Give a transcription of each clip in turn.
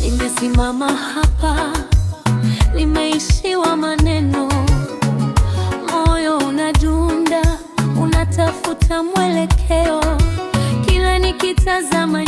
Nimesimama hapa, nimeishiwa maneno. kutafuta mwelekeo, kila nikitazama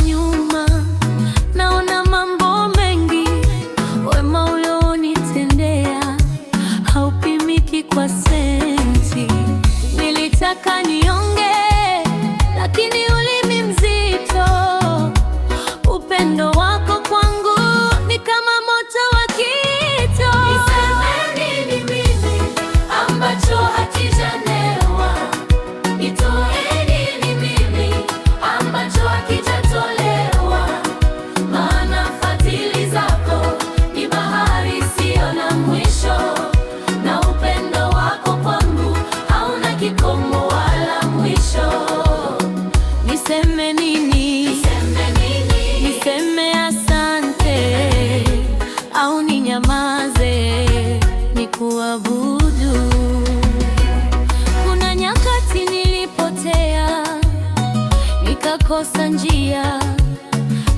nilikosa njia,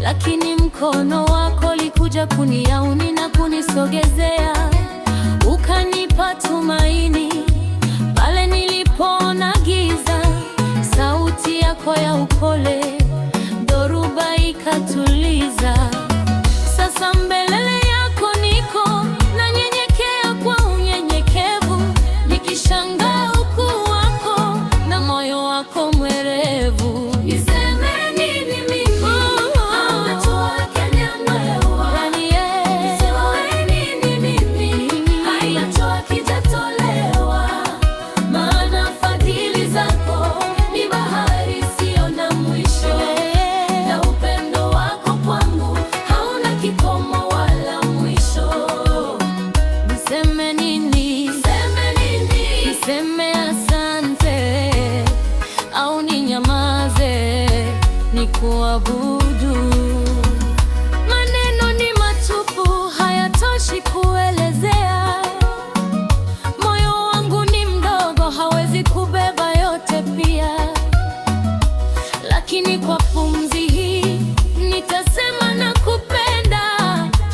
lakini mkono wako likuja kuniauni na kunisogezea, ukanipa tumaini pale nilipoona giza, sauti yako ya upole ni kuabudu. Maneno ni matupu, hayatoshi kuelezea. Moyo wangu ni mdogo, hawezi kubeba yote pia, lakini kwa pumzi hii nitasema na kupenda.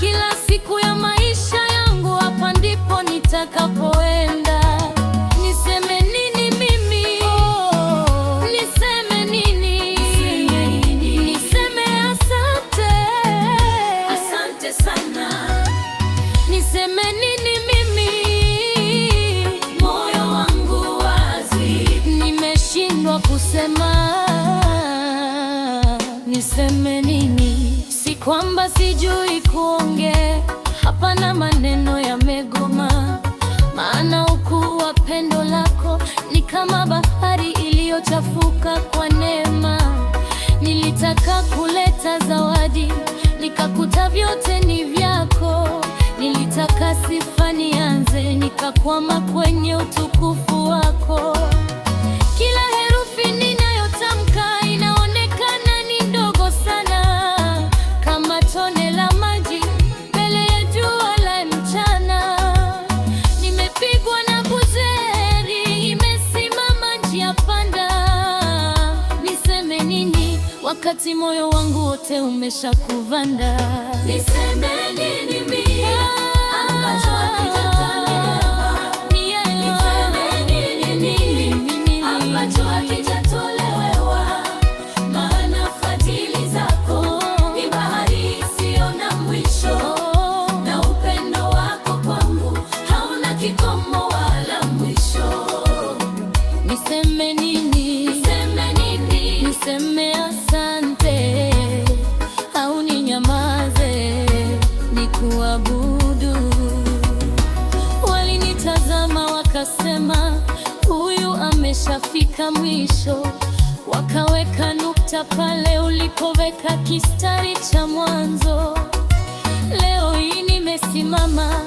Kila siku ya maisha yangu, hapa ndipo nitakapoe niseme nini mimi? Moyo wangu wazi, nimeshindwa kusema, niseme nini? Si kwamba sijui kuongea, hapana, maneno yamegoma, maana ukuu wa pendo lako ni kama bahari iliyochafuka kwa neema. Nilitaka kuleta zawadi, nikakuta vyote nitakwama kwenye utukufu wako. Kila herufi ninayotamka inaonekana ni ndogo sana, kama tone la maji mbele ya jua la mchana. Nimepigwa na buzeri, imesimama njia panda. Niseme nini wakati moyo wangu wote umeshakuvanda? Niseme umeshafika mwisho, wakaweka nukta pale ulipoweka kistari cha mwanzo. Leo hii nimesimama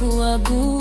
aku abu